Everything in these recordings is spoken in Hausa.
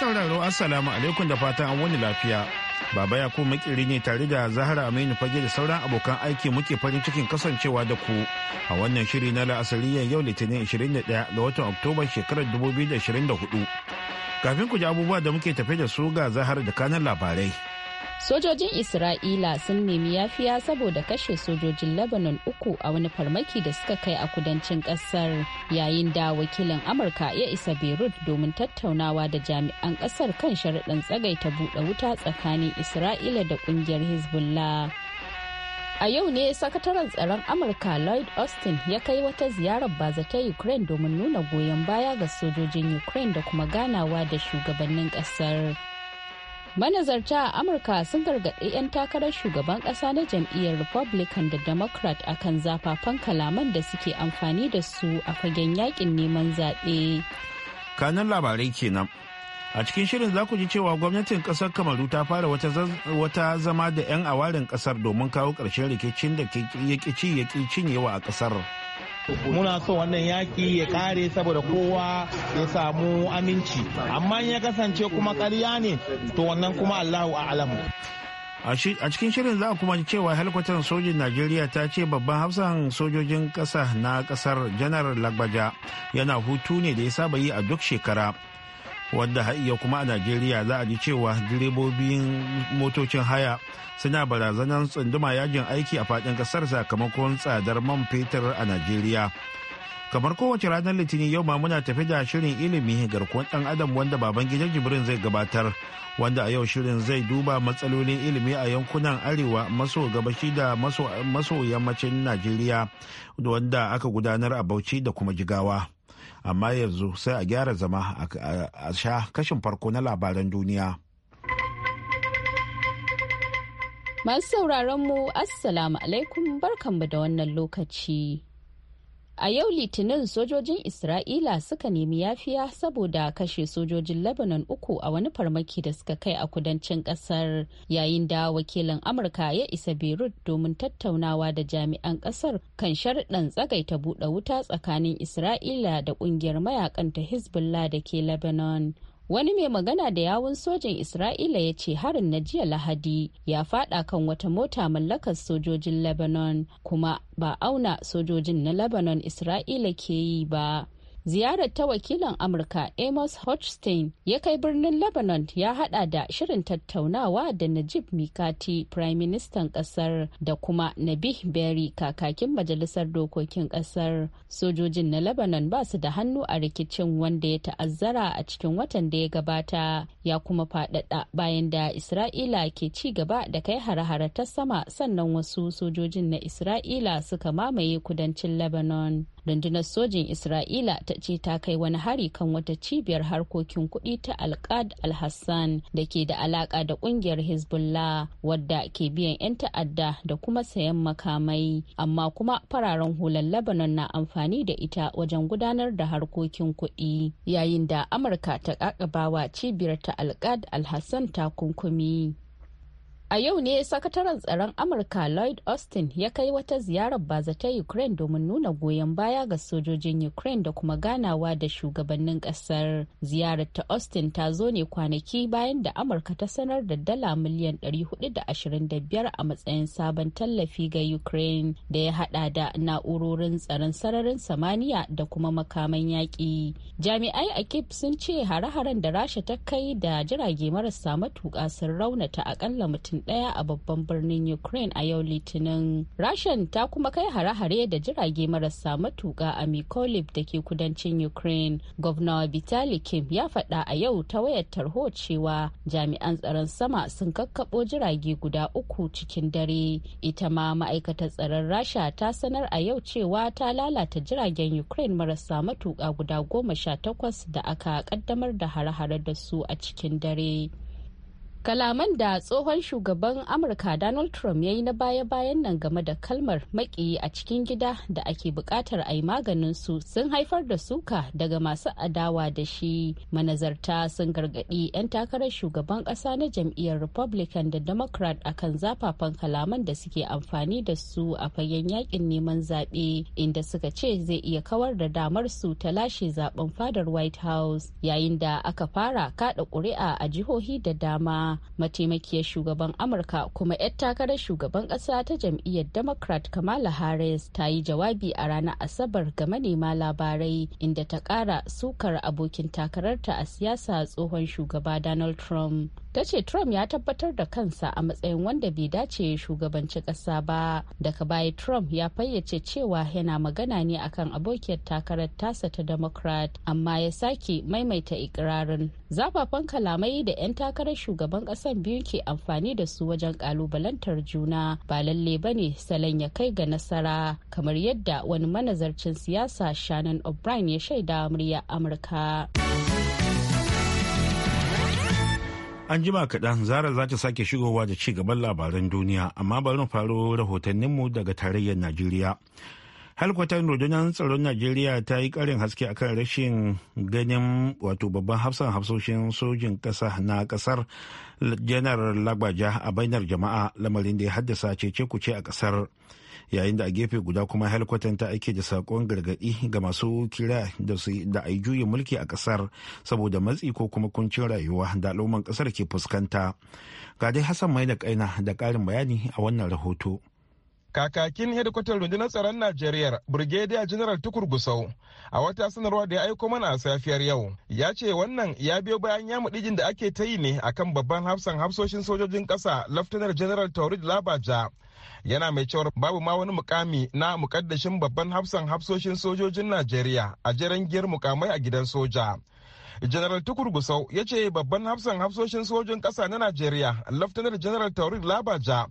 sauraro Assalamu alaikum da fatan an wani lafiya. Baba Yakubu makiri ne tare da Zahara Aminu fage da sauran abokan aiki muke farin cikin kasancewa da ku a wannan shiri na la'asariyar yau Litinin 21 ga watan Oktoba shekarar 2024. Kafin ku ji abubuwa da muke tafe da su ga Zahara da kanan labarai. sojojin isra'ila sun nemi yafiya saboda kashe sojojin lebanon uku a wani farmaki da suka kai a kudancin kasar yayin da wakilin amurka ya isa beirut domin tattaunawa da jami'an kasar kan sharaɗin tsagaita buɗe wuta tsakanin isra'ila da ƙungiyar hezbollah a yau ne sakataren tsaron amurka lloyd austin ya kai wata ziyarar baza ta ukraine domin nuna goyon baya ga sojojin ukraine da kuma ganawa da shugabannin kasar manazarta a amurka sun gargaɗi 'yan takarar shugaban ƙasa na jam'iyyar republican da democrat a kan zafafan kalaman da suke amfani da su a fagen yakin neman zaɓe kanun labarai kenan a cikin shirin za ku ji cewa gwamnatin ƙasar kamaru ta fara wata zama da 'yan awarin ƙasar domin kawo ƙarshen rikicin da ya ƙi cinyewa a ƙasar. muna so wannan yaki ya kare saboda kowa ya samu aminci amma ya kasance kuma karya ne to wannan kuma allahu a'lamu a cikin shirin za a kuma cewa helikwatar sojin najeriya ta ce babban hafsan sojojin kasa na kasar janar lagbaja yana hutu ne da ya saba yi a duk shekara wadda har iya kuma a najeriya za a ji cewa direbobin motocin haya suna barazanar tsunduma yajin aiki a faɗin ƙasar sakamakon tsadar man fetur a najeriya kamar kowace ranar litinin yau ma muna tafi da shirin ilimi garkuwar ɗan adam wanda baban gidan jibrin zai gabatar wanda a yau shirin zai duba matsalolin ilimi a yankunan arewa maso gabashi da maso yammacin najeriya wanda aka gudanar a bauchi da kuma jigawa. amma yanzu sai a gyara zama a sha kashin farko na labaran duniya. Masu sauraron mu Assalamu alaikum barkanmu da wannan lokaci. A yau Litinin sojojin Isra'ila suka nemi yafiya saboda kashe sojojin Lebanon uku a wani farmaki da suka kai a kudancin kasar yayin da wakilin Amurka ya isa Beirut domin tattaunawa da jami'an kasar kan sharɗan tsagaita buɗe wuta tsakanin Isra'ila da ƙungiyar mayakan ta Hezbollah da ke Lebanon. wani mai magana da yawun sojin isra'ila ya ce harin na jiya lahadi ya fada kan wata mota mallakar sojojin lebanon kuma ba auna sojojin na lebanon isra'ila ke yi ba ziyarar ta wakilan amurka amos hochstein ya kai birnin lebanon ya hada da shirin tattaunawa da najib mikati prime minister kasar da kuma nabih berry kakakin majalisar dokokin kasar sojojin na lebanon ba su da hannu a rikicin wanda ya ta'azzara a cikin watan da ya gabata ya kuma faɗaɗa bayan da isra'ila ke ci gaba da kai hare-hare ta sama sannan wasu sojojin na isra'ila suka mamaye kudancin lebanon rundunar sojin isra'ila ta ce ta kai wani hari kan wata cibiyar harkokin kuɗi ta alkad hassan da ke da alaka da ƙungiyar hezbollah wadda ke biyan 'yan ta'adda da kuma sayan makamai amma kuma fararen hular lebanon na amfani da ita wajen gudanar da harkokin kuɗi yayin da amurka ta ƙaƙabawa cibiyar ta alkad alhassan takunkumi A yau ne sakataren tsaron Amurka Lloyd Austin ya kai wata ziyarar baza ta Ukraine domin nuna goyon baya ga sojojin Ukraine da kuma ganawa da shugabannin kasar. Ziyarar ta Austin ta zo ne kwanaki bayan da Amurka ta sanar da dala miliyan 425 a matsayin sabon tallafi ga Ukraine da ya hada da na'urorin tsaron sararin samaniya da kuma makaman yaƙi. Jami'ai a Kip sun ce hare-haren da Rasha ta kai da jirage marasa matuƙa sun raunata akalla mutum daya ɗaya a babban birnin Ukraine a yau Litinin. Rashan ta kuma kai hare-hare da jirage marasa matuƙa a Mykolaiv da ke kudancin Ukraine. gwamnawa Vitali Kim ya faɗa a yau ta wayar tarho cewa jami'an tsaron sama sun kakkaɓo jirage guda uku cikin dare. Ita ma ma'aikatar tsaron Rasha ta sanar a yau cewa ta lalata jiragen Ukraine marasa matuƙa guda goma sha takwas da aka ƙaddamar da hare-hare da su a cikin dare. kalaman da tsohon shugaban amurka donald trump ya yi na baya-bayan nan game da kalmar maƙiyi a cikin gida da ake bukatar a yi maganin su sun haifar da suka daga masu adawa da shi manazarta sun gargadi 'yan takarar shugaban kasa na jam'iyyar republican da democrat a kan zafafan kalaman da suke amfani da su a fagen yakin neman zaɓe inda suka ce zai iya kawar da damar su ta lashe zaben fadar white house yayin da aka fara kaɗa ƙuri'a a jihohi da dama mataimakiyar shugaban amurka kuma 'yar takarar shugaban ƙasa ta jam'iyyar democrat kamala harris ta yi jawabi a ranar asabar ga manema labarai inda ta ƙara sukar abokin takararta a siyasa tsohon shugaba donald trump ta ce trump ya tabbatar da kansa a matsayin wanda bai dace shugabanci ƙasa ba daga baya trump ya fayyace cewa yana magana ne akan abokiyar takarar tasa ta democrat amma ya sake maimaita ikirarin zafafan kalamai da 'yan takarar shugaban ƙasan biyu ke amfani da su wajen kalubalantar juna ba lalle ba ne salon ya kai ga nasara kamar yadda wani manazarcin siyasa shannon o'brien ya shaida murya amurka. An jima kaɗan Zara za ta sake shigowa da ci gaban labaran duniya amma bari mu faro rahotanninmu daga tarayyar Najeriya. halkwatar rundunar tsaron najeriya ta yi karin haske akan rashin ganin wato babban hafsan hafsoshin sojin ƙasa na ƙasar janar lagbaja a bainar jama'a lamarin da ya haddasa cece kuce a ƙasar yayin da a gefe guda kuma halkwatan ta ake da sakon gargaɗi ga masu kira da su da a juyin mulki a ƙasar saboda matsi ko kuma kuncin rayuwa da al'umman ƙasar ke fuskanta ga dai hassan mai da kaina da ƙarin bayani a wannan rahoto kakakin hedikwatar rundunar tsaron najeriya brigadier general tukur gusau a wata sanarwa da ya aiko mana a safiyar yau ya ce wannan ya biyo bayan ya mudijin da ake ta yi ne akan babban hafsan hafsoshin sojojin Kasa, laftanar general taurid labaja yana mai cewar babu ma wani mukami na mukaddashin babban hafsan hafsoshin sojojin najeriya a jiran giyar mukamai a gidan soja general tukur gusau ya ce babban hafsan hafsoshin sojojin Kasa na najeriya laftanar general taurid labaja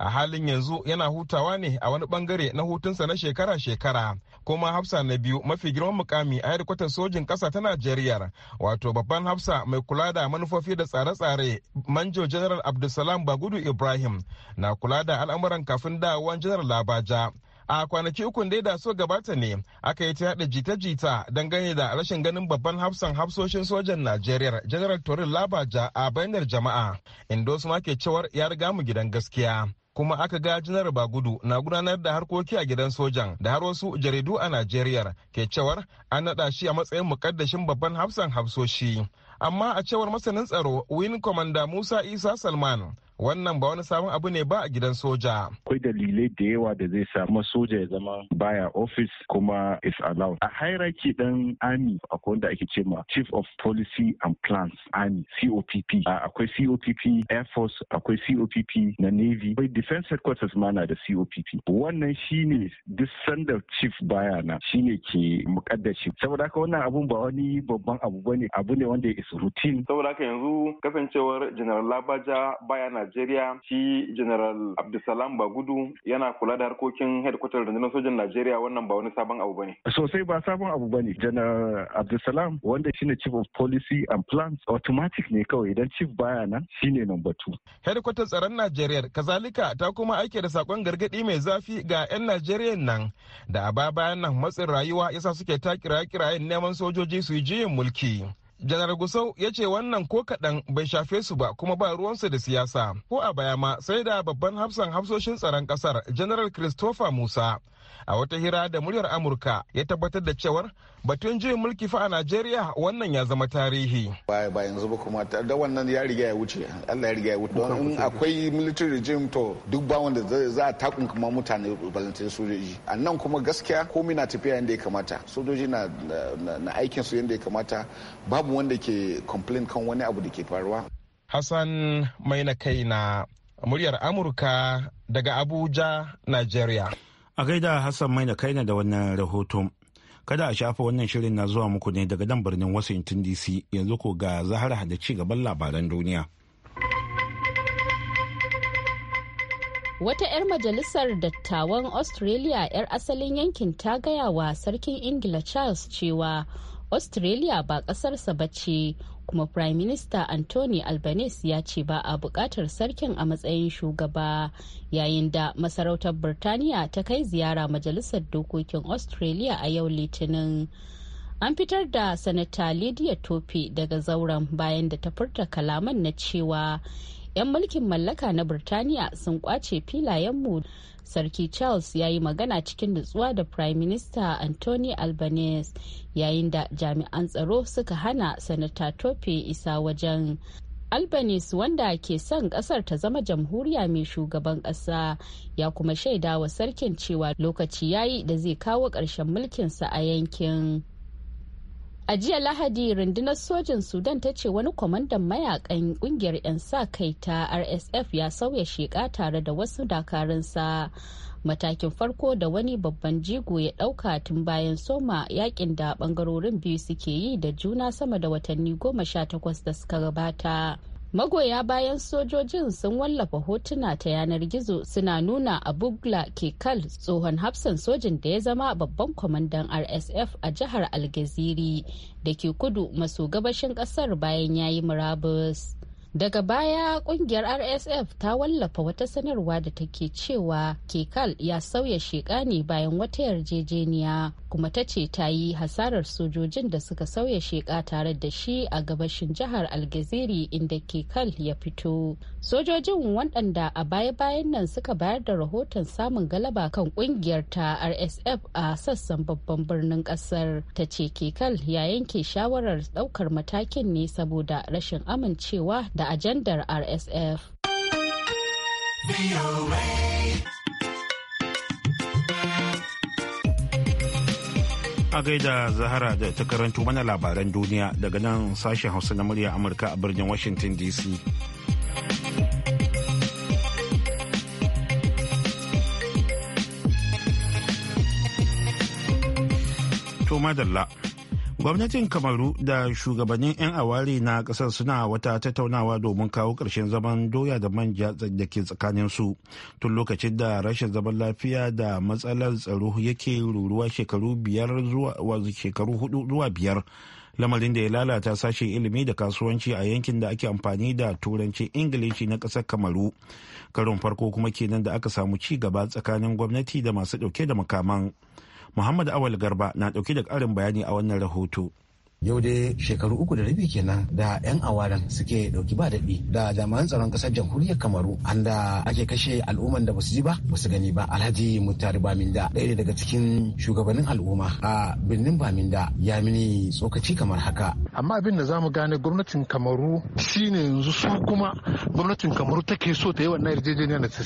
a halin yanzu yana hutawa ne a wani bangare na hutunsa na shekara-shekara kuma hafsa na biyu mafi girman mukami a hedikwatar sojin kasa ta najeriya wato babban hafsa mai kula da manufofi da tsare-tsare manjo general abdulsalam bagudu ibrahim na kula da al'amuran kafin dawowan general labaja a kwanaki ukun da da so gabata ne aka yi ta yada jita-jita dangane da rashin ganin babban hafsan hafsoshin sojan najeriya general torin labaja a bayanar jama'a inda wasu ma ke cewar ya riga mu gidan gaskiya kuma aka ga janar bagudu na gudanar da harkoki a gidan sojan da har wasu jaridu a najeriya ke cewar an naɗa shi a matsayin mukaddashin babban hafsan hafsoshi amma a cewar masanin tsaro win commander musa isa salman wannan ba wani sabon abu ne ba a gidan soja. Akwai dalilai da yawa da zai samu soja ya zama baya ofis kuma is allowed. A hierarchy dan army akwai wanda ake ce ma chief of policy and plans army COPP. Akwai COPP air force akwai COPP na navy. Akwai defense headquarters ma na da COPP. Wannan shine duk sanda chief baya na shine ke mukaddashi. Saboda haka wannan abun ba wani babban abu bane abu ne wanda is routine. Saboda haka yanzu kasancewar General Labaja baya na Najeriya shi General Abdulsalam Bagudu yana kula da harkokin headquarter rundunar sojan Najeriya wannan ba wani sabon abu bane. Sosai ba sabon abu bane. General Abdulsalam wanda shine Chief of Policy and Plans automatic ne kawai idan Chief baya nan shine number 2. Headquarter tsaron Najeriya kazalika ta kuma aike da sakon gargadi mai zafi ga 'yan Najeriya nan da a bayan nan matsin rayuwa yasa suke ta kiraye-kirayen neman sojoji su yi juyin mulki. janar gusau ya ce wannan ko kaɗan bai shafe su ba kuma ba ruwansu da siyasa ko a baya ma sai da babban hafsan hafsoshin tsaron ƙasar janar christopher musa a wata hira da muryar amurka ya tabbatar da cewar batun juyin mulki fa a najeriya wannan ya zama tarihi ba yanzu ba kuma da wannan ya riga ya wuce allah ya riga ya wuce don in akwai military regime to duk ba wanda za a takun kuma mutane balantin sojoji a nan kuma gaskiya komai na tafiya yadda ya kamata sojoji na aikin su yadda ya kamata babu wanda ke complain kan wani abu da ke faruwa hassan mai na kai na muryar amurka daga abuja nigeria A gaida Hassan kai kaina da wannan rahoton. Kada a shafa wannan shirin na zuwa muku ne daga nan birnin Washington DC yanzu ko ga Zahara da ci gaban labaran duniya. Wata 'yar majalisar dattawan Australia 'yar asalin yankin ta gaya wa sarkin Ingila Charles cewa australia ba ƙasarsa ba ce kuma prime minister anthony albanese ya ce ba a buƙatar sarkin a matsayin shugaba yayin da masarautar birtaniya ta kai ziyara majalisar dokokin australia a yau litinin an fitar da sanata lydia tope daga zauren bayan da ta furta kalaman na cewa 'yan mulkin mallaka na birtaniya sun kwace filayenmu sarki charles ya yi magana cikin nutsuwa da prime minister anthony albanese yayin da jami'an tsaro suka hana sanata tope isa wajen albanese wanda ke son kasar ta zama jamhuriya mai shugaban kasa ya kuma shaidawa sarkin cewa lokaci yayi da zai kawo ƙarshen mulkinsa a yankin a jiya lahadi rundunar sojin sudan ta ce wani kwamandan mayakan kungiyar 'yan sa kai ta rsf ya sauya sheka tare da wasu dakarunsa matakin farko da wani babban jigo ya dauka tun bayan soma yakin da bangarorin biyu suke yi da juna sama da watanni goma sha takwas da suka gabata magoya bayan sojojin sun wallafa hotuna ta yanar gizo suna nuna a abugla kekal tsohon hafsan sojin da ya zama babban kwamandan rsf a jihar algeziri da ke kudu maso gabashin kasar bayan yayi murabus daga baya kungiyar rsf ta wallafa wata sanarwa da take cewa kekal ya sauya sheƙa ne bayan wata yarjejeniya kuma ta ce ta yi hasarar sojojin da suka sauya sheƙa tare da shi a gabashin jihar algeziri inda kekal ya fito sojojin waɗanda a baya-bayan nan suka bayar da rahoton samun galaba kan kungiyar ta rsf a sassan babban birnin ƙasar ta ce kekal ya yanke shawarar ɗaukar matakin ne saboda rashin amincewa da ajandar rsf a gaida zahara da ta karanto mana labaran duniya daga nan sashen hausa na murya amurka a birnin washington dc to madalla gwamnatin kamaru da shugabannin 'yan awari na kasar suna wata tattaunawa domin kawo ƙarshen zaman doya da manja da ke su tun lokacin da rashin zaman lafiya da matsalar tsaro yake ruruwa shekaru biyar zuwa shekaru hudu zuwa biyar lamarin da ya lalata sashen ilimi da kasuwanci a yankin da ake amfani da turanci ingilishi na ƙasar kamaru karon farko kuma kenan da aka samu ci gaba tsakanin gwamnati da masu ɗauke da makaman Muhammad Awal Garba na ɗauke da ƙarin bayani a wannan rahoto. yau dai shekaru uku da rabi kenan da 'yan awaren suke dauki ba daɗi da jami'an tsaron ƙasar jamhuriyar kamaru Anda ake kashe al'umman da basu ji ba basu gani ba alhaji muttari baminda ɗaya daga cikin shugabannin al'umma a birnin baminda ya mini tsokaci kamar haka amma abin da zamu gane gwamnatin kamaru shine yanzu su kuma gwamnatin kamaru take so ta yi wannan yarjejeniya da ta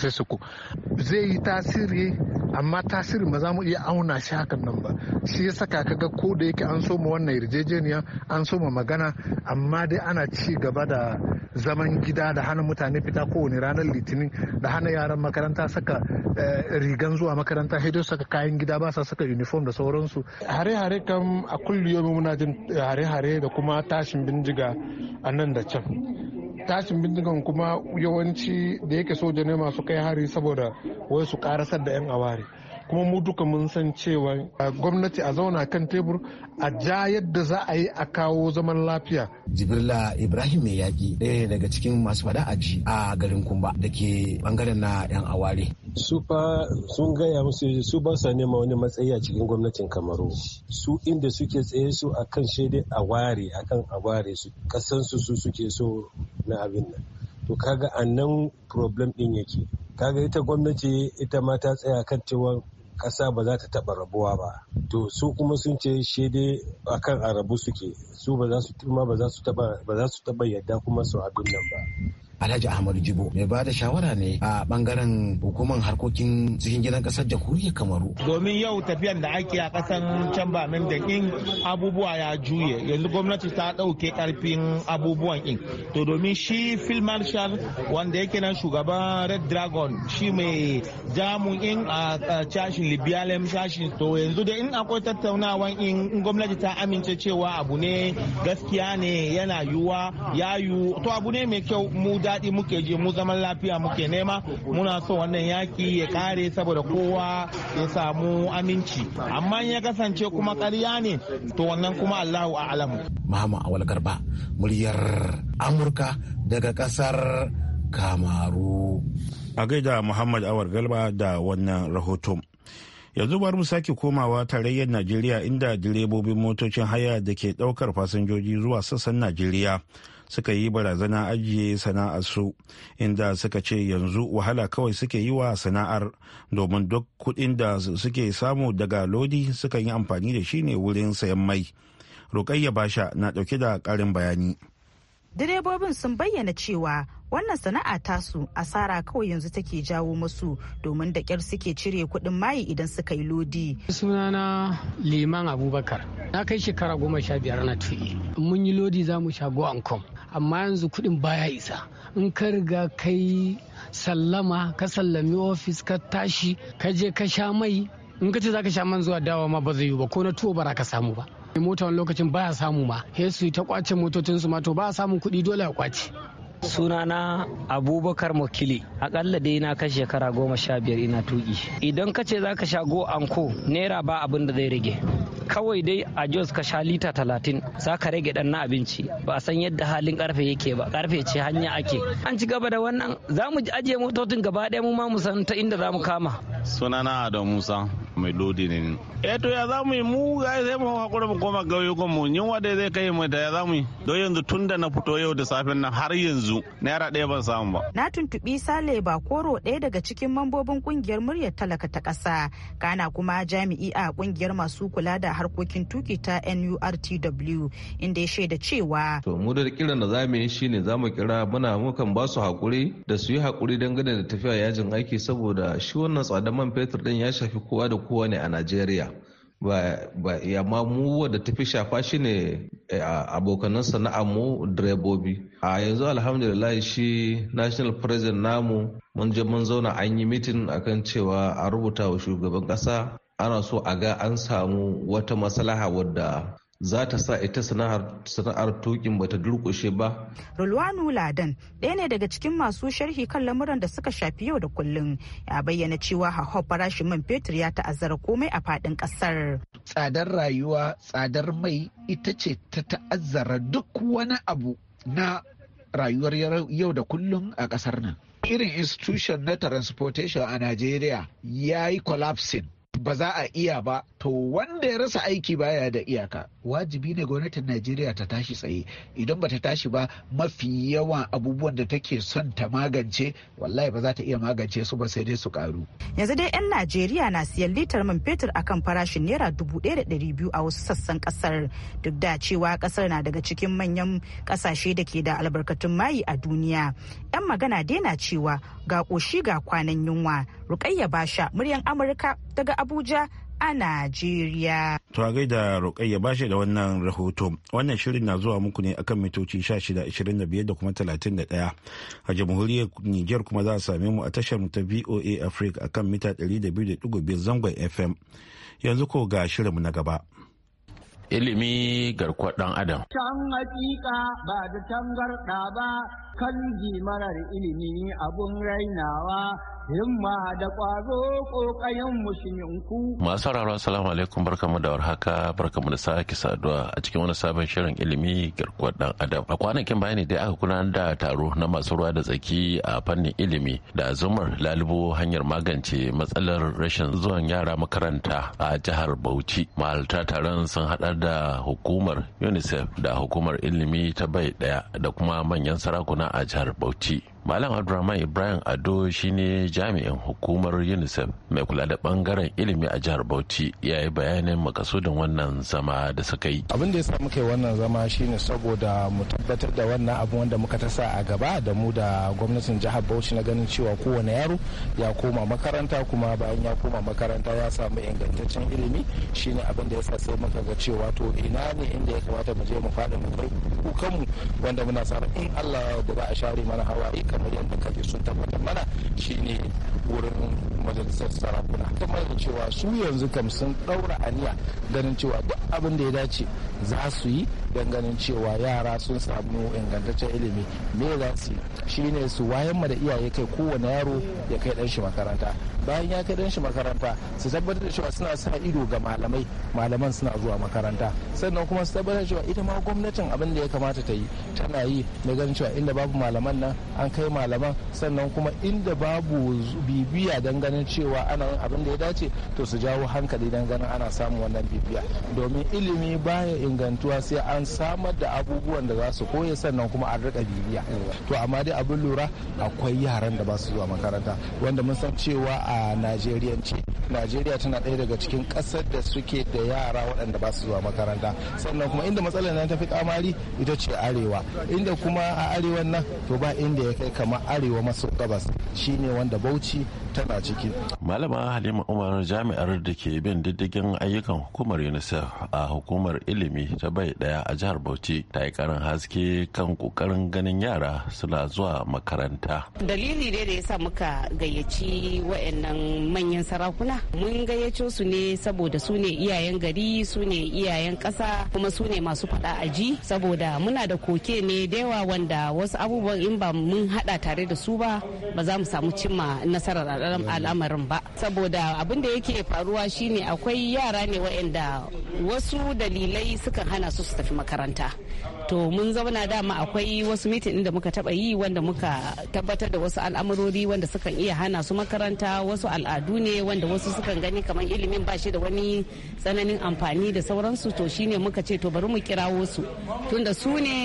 zai yi tasiri amma tasirin ba za mu iya auna shi hakan nan ba shi ya saka kaga ko da yake an so mu wannan yarjejeniya yarjejeniya an soma magana amma dai ana ci gaba da zaman gida da hana mutane fita kowane ranar litinin da hana yaran makaranta saka eh, rigan zuwa makaranta hedo saka kayan gida ba sa saka uniform da sauransu hare-hare kam a kulliyomi muna jin eh, hare-hare da kuma tashin bindiga a nan da can tashin bindigan kuma yawanci da yake soja ne masu kai hari saboda wai su karasar da 'yan awari. kuma mu duka mun san cewa gwamnati a zauna kan tebur a ja yadda za a yi a kawo zaman lafiya. Jibrila Ibrahim mai yaƙi ɗaya daga cikin masu faɗa aji a garin Kumba da ke bangaren na 'yan aware. Su fa sun gaya musu su ba sa nema wani matsayi a cikin gwamnatin Kamaru. Su inda suke tsaye su akan shaidai aware akan aware su kasansu su suke so na abin nan. to kaga a nan problem ɗin yake kaga ita gwamnati ita ma ta tsaya kan cewa ƙasa ba za ta taba rabuwa ba to su kuma sun ce shede a kan a rabu suke su ba za su taɓa yadda kuma su abin nan ba Alhaji Ahmadu Jibo mai ba da shawara ne a bangaren hukumar harkokin cikin gidan kasar jamhuriyar Kamaru. Domin yau tafiyan da ake a kasan can ba min da in abubuwa ya juye yanzu gwamnati ta ɗauke karfin abubuwan in. To domin shi Phil Marshall wanda yake nan shugaban Red Dragon shi mai jamun in a cashin Libyalem cashin to yanzu da in akwai tattaunawan in gwamnati ta amince cewa abu ne gaskiya ne yana yiwuwa ya yiwu to abu ne mai kyau mu da daɗi muke ji mu zaman lafiya muke nema muna so wannan yaki ya kare saboda kowa ya samu aminci amma ya kasance kuma karya ne to wannan kuma allahu a'lamu mahama awal garba muryar amurka daga kasar kamaru a gaida muhammad awar garba da wannan rahoton yanzu bari mu sake komawa tarayyar najeriya inda direbobin motocin haya da ke daukar fasinjoji zuwa sassan najeriya suka yi barazana ajiye su inda suka ce yanzu wahala kawai suke yi wa sana'ar domin duk kuɗin da suke samu daga lodi sukan yi amfani da shi ne wurin sayan mai. Rukayya Basha na ɗauke da ƙarin bayani. direbobin sun bayyana cewa wannan sana'a tasu asara kawai yanzu take jawo masu domin da kyar suke cire kuɗin mayi idan suka yi lodi. sunana liman abubakar na kai shekara goma sha biyar na tuyi mun yi lodi za mu sha go kom amma yanzu kuɗin baya isa in ka riga kai sallama ka sallami ofis ka tashi ka je ka sha mai in ka ce za ka sha man zuwa dawa ma ba zai yi ba ko na tuwo ba ka samu ba Mai mota wani lokacin baya samu ma he su ta kwace motocin su ma to ba samun kuɗi dole ya kwace sunana abubakar mokili akalla dai na kashe shekara goma sha biyar ina tuki idan ka ce za ka sha go anko naira ba abin da zai rage kawai dai a jos ka sha lita talatin za ka rage dan na abinci ba a san yadda halin karfe yake ba karfe ce hanya ake an ci gaba da wannan za mu ajiye motocin gaba ɗaya mu ma mu san ta inda za mu kama sunana adamu musa mai lodi ne eh to ya za mu yi mu ga sai mu hakura mu koma ko mu yin wanda zai kai mu da ya za mu yi don yanzu tun da na fito yau da safen nan har yanzu naira ɗaya ban samu ba na tuntubi sale ba koro ɗaya daga cikin mambobin kungiyar muryar talaka ta ƙasa kana kuma jami'i a kungiyar masu kula da harkokin tuki ta NURTW inda ya shaida cewa to mu da kiran da zamu yi shine zamu kira muna mukan ba su hakuri da su yi hakuri dangane da tafiya yajin aiki saboda shi wannan tsadar man fetur din ya shafi kowa da kowa ne a Najeriya. ba yamma mu wadda ta fi shafa shi ne eh, abokanan mu direbobi a yanzu alhamdulillah shi national president namu mun je mun zauna an yi mitin akan cewa a rubuta wa shugaban kasa ana so a ga an samu wata maslaha wadda za ta sa ita sana'ar tokin bata durkushe ba. Rulwanu Ladan ɗaya ne daga cikin masu sharhi kan lamuran da suka shafi yau da kullum ya bayyana cewa hauhawar farashin man fetur ya ta'azzara komai a faɗin ƙasar. Tsadar rayuwa tsadar mai ita ce ta ta'azzara duk wani abu na rayuwar yau da kullum a ƙasar nan. Irin institution na transportation a Najeriya ya yi collapsing ba za a iya ba to wanda ya rasa aiki baya da iyaka wajibi ne gwamnatin najeriya ta tashi tsaye idan ba ta tashi ba mafi yawan abubuwan da take son ta magance wallahi ba za ta iya magance su ba sai dai su karu yanzu dai yan najeriya na siyan litar man fetur akan farashin naira dubu ɗaya da ɗari biyu a wasu sassan kasar duk da cewa kasar na daga cikin manyan kasashe da ke da albarkatun mayi a duniya yan magana dai na cewa ga ƙoshi ga kwanan yunwa Rukayya Basha muryan Amurka daga Abuja a Najeriya. To a gaida Rukayya Basha da wannan rahoto. Wannan shirin na zuwa muku ne akan mitoci 1625 da kuma 31. A jamhuriyar niger kuma za a same mu a tashar mu ta VOA Africa akan mita 200.5 zangon FM. Yanzu ko ga shirinmu na gaba. Ilimi garkuwar ɗan Adam. Can hakika ba da tangarɗa ba kan marar ilimi abun rainawa himma da ƙwazo ƙoƙayen mushinku. Masu rarwa salamu alaikum barkamu da warhaka barkamu da sake saduwa a cikin wani sabon shirin ilimi garkuwar dan adam. A kwanakin bayani dai aka gudanar da taro na masu ruwa da tsaki a fannin ilimi da zumar lalubo hanyar magance matsalar rashin zuwan yara makaranta a jihar Bauchi. mahalta taron sun haɗa da hukumar UNICEF da hukumar ilimi ta bai ɗaya da kuma manyan sarakuna a jihar Bauchi. malam abdulrahman ibrahim ado shine jami'in hukumar unicef mai kula da bangaren ilimi a jihar bauchi ya yi bayanin makasudin wannan zama da suka yi abin da ya sa muka wannan zama shine saboda mu tabbatar da wannan abin wanda muka ta sa a gaba da mu da gwamnatin jihar bauchi na ganin cewa kowane yaro ya koma makaranta kuma bayan ya koma makaranta ya samu ingantaccen ilimi shine abin da ya sa sai muka ga cewa to ina ne inda ya kamata mu je mu faɗi mu kai kanmu wanda muna sa in allah ya ba a share mana hawaye kamar yadda kaje sun tabbatar mana shine wurin majalisar sarakuna kuma da cewa su yanzu kam sun daura aniya ganin cewa duk abin da ya dace za su yi don ganin cewa yara sun samu ingantaccen ilimi me za su shine su wayan da iyaye kai kowane yaro ya kai dan makaranta bayan ya kai dan shi makaranta su tabbatar da cewa suna sa ido ga malamai malaman suna zuwa makaranta sannan kuma su tabbatar da cewa ita ma gwamnatin abin da ya kamata ta yi tana yi na ganin cewa inda babu malaman nan an kai malaman sannan kuma inda babu bibiya don ganin cewa ana yin abin da ya dace to su jawo hankali don ganin ana samun wannan bibiya domin ilimi baya ingantuwa sai an an samar da abubuwan da za su koya sannan kuma an rika bibiya to amma dai abin lura akwai yaran da ba su zuwa makaranta wanda mun san cewa a najeriya ce najeriya tana ɗaya daga cikin ƙasar da suke da yara waɗanda ba su zuwa makaranta sannan kuma inda matsalar nan ta fi kamari ita ce arewa inda kuma a arewan nan to ba inda ya kai kamar arewa maso gabas shine wanda bauchi tana ciki malama halima umar jami'ar da ke bin diddigin ayyukan hukumar unicef a hukumar ilimi ta bai daya a a jihar Bauchi ta yi karin haske kan kokarin ganin yara suna zuwa makaranta. Dalili dai da sa muka gayyaci waɗannan manyan sarakuna mun gayyaco su ne saboda su ne iyayen gari su ne iyayen ƙasa kuma su ne masu faɗa aji saboda muna da koke ne da yawa wanda wasu abubuwan in ba mun haɗa tare da su ba ba za mu samu cimma nasarar al'amarin ba saboda abin da yake faruwa shine akwai yara ne waɗanda wasu dalilai suka hana su su tafi makaranta to mun zauna dama akwai wasu mitin da muka taba yi wanda muka tabbatar da wasu al'amurori wanda sukan iya hana su makaranta wasu al'adu ne wanda wasu sukan gani kamar ilimin ba shi da wani tsananin amfani da sauransu to shine muka ce to bari mu kirawo su tunda su ne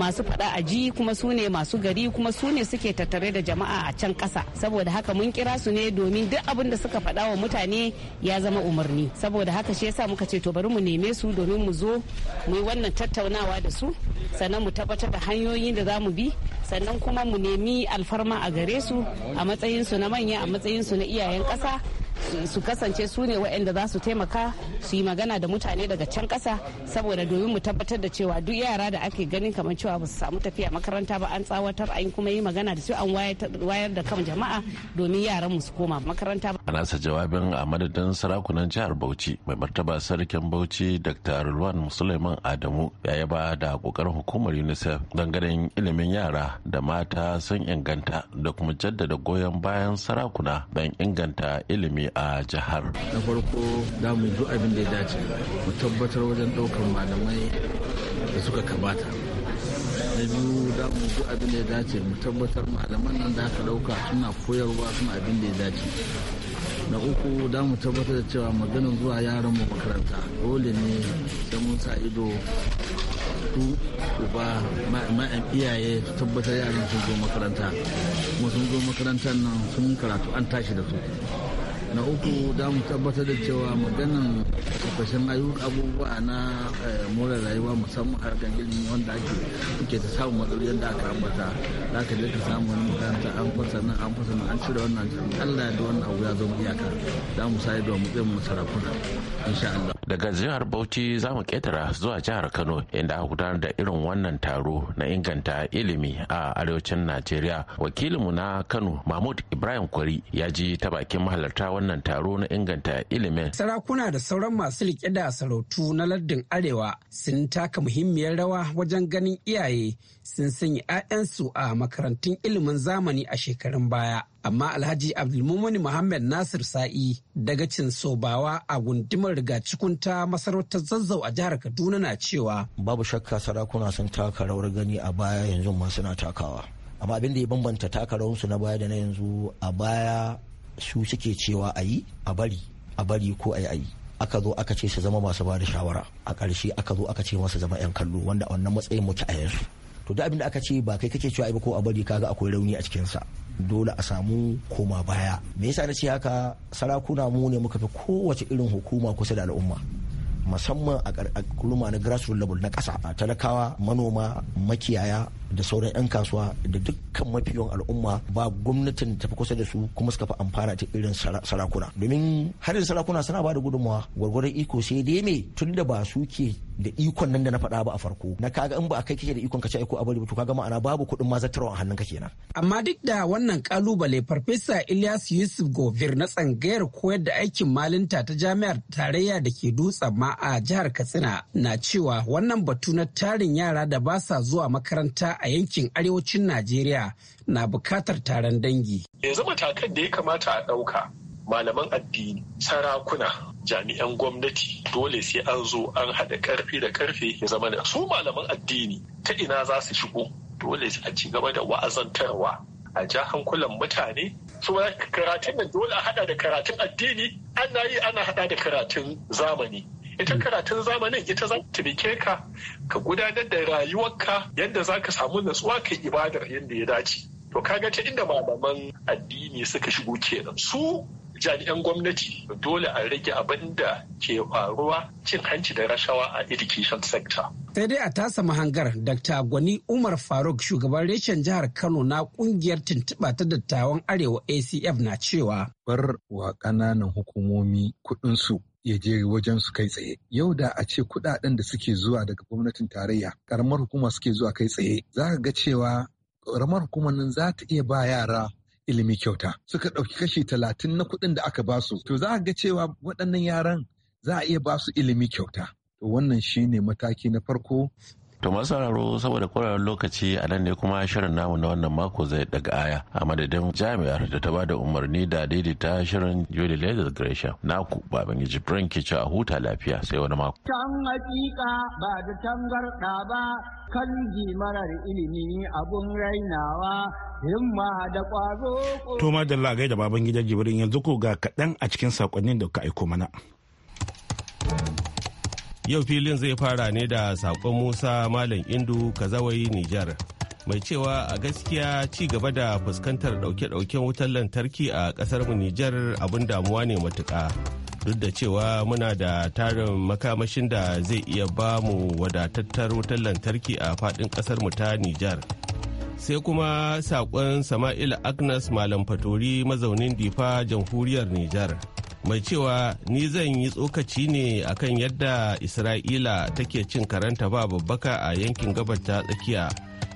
masu fada a ji kuma su ne masu gari kuma su ne suke tattare da jama'a a can kasa saboda haka mun kira su ne domin duk abin da suka faɗa wa mutane ya zama umarni saboda haka shi yasa muka ce to bari mu neme su domin mu zo mu yi wannan tattaunawa da su sannan mu tabbatar da hanyoyin da za mu bi sannan kuma mu nemi alfarma a gare su a matsayin su na manya a matsayin su na iyayen ƙasa su kasance su ne waɗanda za su taimaka su yi magana da mutane daga can ƙasa saboda domin mu tabbatar da cewa duk yara da ake ganin kamar cewa ba su samu tafiya makaranta ba an tsawatar an kuma yi magana da su an wayar da kan jama'a domin yaran mu su koma makaranta. A anasa jawabin a madadin sarakunan jihar Bauchi mai martaba sarkin Bauchi Dr. Ruwan Suleiman Adamu ya yaba da kokarin hukumar UNICEF don ganin ilimin yara da mata sun inganta da kuma jaddada goyon bayan sarakuna don inganta ilimi a jihar. Na farko za mu duk abin da ya dace mu tabbatar wajen ɗaukar malamai da suka kamata. Na biyu za mu duk abin da ya dace mu tabbatar malaman nan da aka ɗauka suna koyarwa suna abin da ya dace. na uku da mu tabbatar da cewa maganin zuwa yaran mu makaranta dole ne sai mun sa ido su uba ma'an iyaye su tabbatar yaran sun zo makaranta kuma sun zo makarantar nan sun karatu an tashi da su na uku za mu tabbatar da cewa maganin kashin abubuwa na eh, more rayuwa musamman harkar ilimi wanda ake ke ta samun matsaloli yadda aka ambata za ka je ka samu wani makaranta an fasa nan an fasa nan an cire wannan allah da wannan abu ya zama iyaka za mu sa ido mu tsaye mu sarakuna insha allah daga jihar bauchi za mu ketara zuwa jihar kano inda aka gudanar da irin wannan taro na inganta ilimi a arewacin najeriya wakilinmu na kano mahmud ibrahim kwari ya ji ta bakin mahalarta wannan taro na inganta ilimin. Sarakuna da sauran masu rike da sarautu na lardin Arewa sun taka muhimmiyar rawa wajen ganin iyaye sun sanya 'ya'yansu a makarantun ilimin zamani a shekarun baya. Amma Alhaji Abdulmumuni Muhammad Nasir Sa'i daga Cinsobawa a gundumar ta masarautar zazzau a jihar Kaduna na cewa. Babu shakka sarakuna sun taka rawar gani a baya yanzu ma suna takawa. amma abin da ya bambanta taka na baya da na yanzu a baya su suke cewa a yi a bari a bari ko a yi a yi aka zo aka ce su zama masu ba da shawara a ƙarshe aka zo aka ce masu zama 'yan kallo wanda a wannan matsayin mutu a yanzu to da abin da aka ce ba kai kake cewa ba ko a bari kaga akwai rauni a cikinsa dole a samu koma baya me yasa na ce haka sarakuna mu ne muka fi kowace irin hukuma kusa da al'umma musamman a kuluma na grassroots level na ƙasa talakawa manoma makiyaya da sauran 'yan kasuwa da dukkan mafiyon al'umma ba gwamnatin tafi kusa da su kuma suka fi amfana ta irin sarakuna domin harin sarakuna suna ba da gudunmawa gwargwaron iko sai dai me tunda ba su ke da ikon nan da na faɗa ba a farko na kaga in ba a kai kike da ikon ka ci aiko a bari ba to kaga ma'ana babu kuɗin ma zattarwa a hannun ka kenan amma duk da wannan kalubale farfesa Ilyas Yusuf Govir na tsangayar koyar da aikin malinta ta jami'ar tarayya da ke dutsen ma a jihar Katsina na cewa wannan batu na tarin yara da ba sa zuwa makaranta a yankin arewacin Najeriya na bukatar taron dangi yanzu matakan da ya kamata a ɗauka malaman addini sarakuna jami'an gwamnati dole sai an zo an haɗa karfi da karfe ya zama da su malaman addini ta ina za su shigo dole a ci gaba da wa'azantarwa a ja hankulan mutane su karatun nan dole a haɗa da karatun addini ana yi ana haɗa da karatun zamani ita karatun zamanin ita za ta bike ka ka gudanar da rayuwarka yadda za ka samu natsuwa ka ibadar yadda ya dace to kaga ta inda malaman addini suka shigo kenan su jami'an gwamnati dole a rage abin da ke faruwa cin hanci da rashawa a education sector. Sai dai a tasa mahangar Dr. Gwani Umar Faruk shugaban reshen jihar Kano na kungiyar tuntuɓa ta dattawan Arewa ACF na cewa. Bar wa ƙananan hukumomi kuɗinsu ya je wajen su kai tsaye. Yau da a ce kuɗaɗen da suke zuwa daga gwamnatin tarayya, karamar hukuma suke zuwa kai tsaye, za ka ga cewa karamar hukumar nan za ta iya ba yara ilimi kyauta suka ɗauki kashi talatin na kuɗin da aka basu to za a ga cewa waɗannan yaran za a iya basu ilimi kyauta to wannan shi ne mataki na farko To sauraro saboda kwararren lokaci a nan ne kuma shirin namu na wannan mako zai daga aya a madadin jami'ar da ta ba da umarni da daidaita shirin Julie Na Gresham naku yi giji ke ci a huta lafiya sai wani mako. Can hakika ba da tangarɗa ba kan marar ilimi abun rainawa himma da ƙwazo. To da baban gidan Jibrin yanzu ko ga kaɗan a cikin sakonnin da ka aiko mana. Yau filin zai fara ne da saƙon Musa Malam Indu Kazawai Nijar. Mai cewa a gaskiya ci gaba da fuskantar ɗauke-ɗauken wutar lantarki a ƙasarmu Nijar abin damuwa ne matuƙa. Duk da cewa muna da tarin makamashin da zai iya ba mu wadatattar wutar lantarki a faɗin ƙasarmu ta Nijar. sai kuma saƙon sama'il agnes malam fatori mazaunin difa jamhuriyar nijar mai cewa ni zan yi tsokaci ne akan yadda isra'ila take cin karanta ba babbaka a yankin gabar ta tsakiya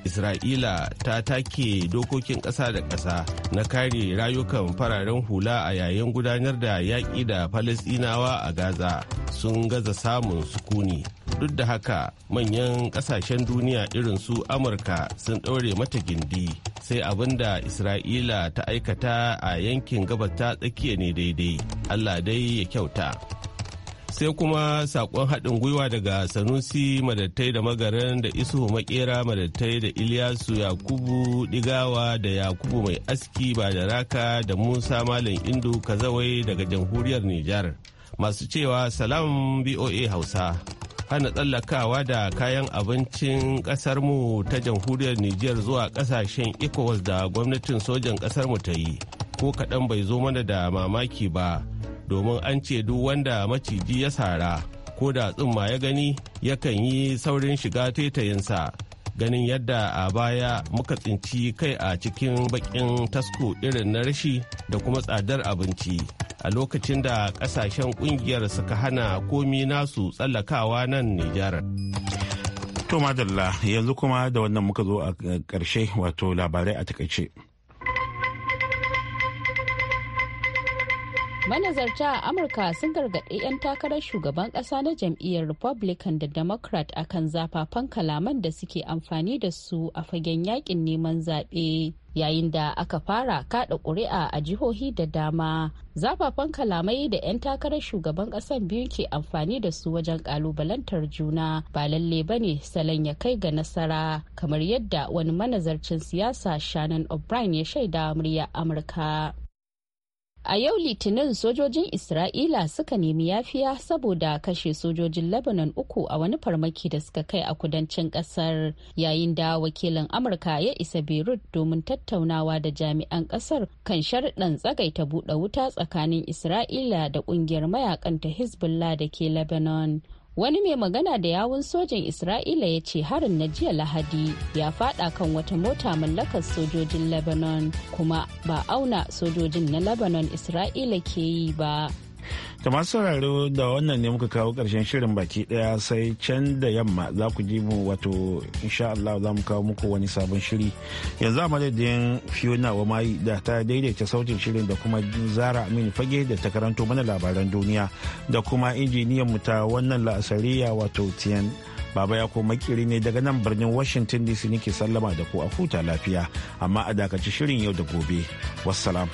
isra'ila ta take dokokin ƙasa da ƙasa na kare rayukan fararen hula a yayin gudanar da yaƙi da falasɗinawa a gaza sun gaza samun sukuni duk da haka manyan ƙasashen duniya irin su amurka sun ɗaure mata gindi sai abin da isra'ila ta aikata a yankin gabas ta tsakiya ne daidai allah dai ya kyauta sai kuma sakon haɗin gwiwa daga sanusi madattai da magaran da isu makera madattai da iliyasu yakubu digawa da yakubu mai aski ba da raka da musa malam indu kazawai daga jamhuriyar nijar masu cewa salam boa hausa hana tsallakawa da kayan abincin mu ta jamhuriyar Nijar zuwa kasashen ECOWAS da gwamnatin sojan ƙasarmu ta yi ko kaɗan bai zo mana da mamaki ba domin an ce duk wanda maciji ya sara ko da tsumma ya gani yakan yi saurin shiga taitayinsa ganin yadda a baya muka tsinci kai a cikin bakin tasko irin na rashi da kuma tsadar abinci. a lokacin da kasashen kungiyar suka hana komi nasu tsallakawa nan Nijar. To madalla yanzu kuma da wannan muka zo a ƙarshe wato labarai a takaice. manazarta a amurka sun gargaɗi 'yan takarar shugaban ƙasa na jam'iyyar republican da democrat a kan zafafan kalaman da suke amfani da su a fagen yakin neman zaɓe yayin da aka fara kaɗa ƙuri'a a jihohi da dama zafafan kalamai da 'yan takarar shugaban ƙasan biyu ke amfani da su wajen ƙalubalantar juna ba lalle ba ne salon ya kai ga nasara kamar yadda wani manazarcin siyasa shannon o'brien ya shaida murya amurka A yau Litinin sojojin Isra'ila suka nemi yafiya saboda kashe sojojin Lebanon uku a wani farmaki da suka kai a kudancin kasar yayin da wakilin Amurka ya isa Beirut domin tattaunawa da jami'an kasar kan sharɗan tsagaita buɗe wuta tsakanin Isra'ila da ƙungiyar mayakan ta Hezbollah da ke Lebanon. wani mai magana da yawun sojin isra'ila ya ce harin na jiya lahadi ya fada kan wata mota mallakar sojojin lebanon kuma ba auna sojojin na lebanon isra'ila ke yi ba ta masu sauraro da wannan ne muka kawo karshen shirin baki daya sai can da yamma za ku ji mu wato insha Allah za mu kawo muku wani sabon shiri yanzu a madadin fiona wa mayi da ta daidaita sautin shirin da kuma zara amin fage da ta karanto mana labaran duniya da kuma injiniyan mu ta wannan la'asariya wato tiyan baba ya ko makiri ne daga nan birnin washington dc nake sallama da ku a huta lafiya amma a dakaci shirin yau da gobe wassalam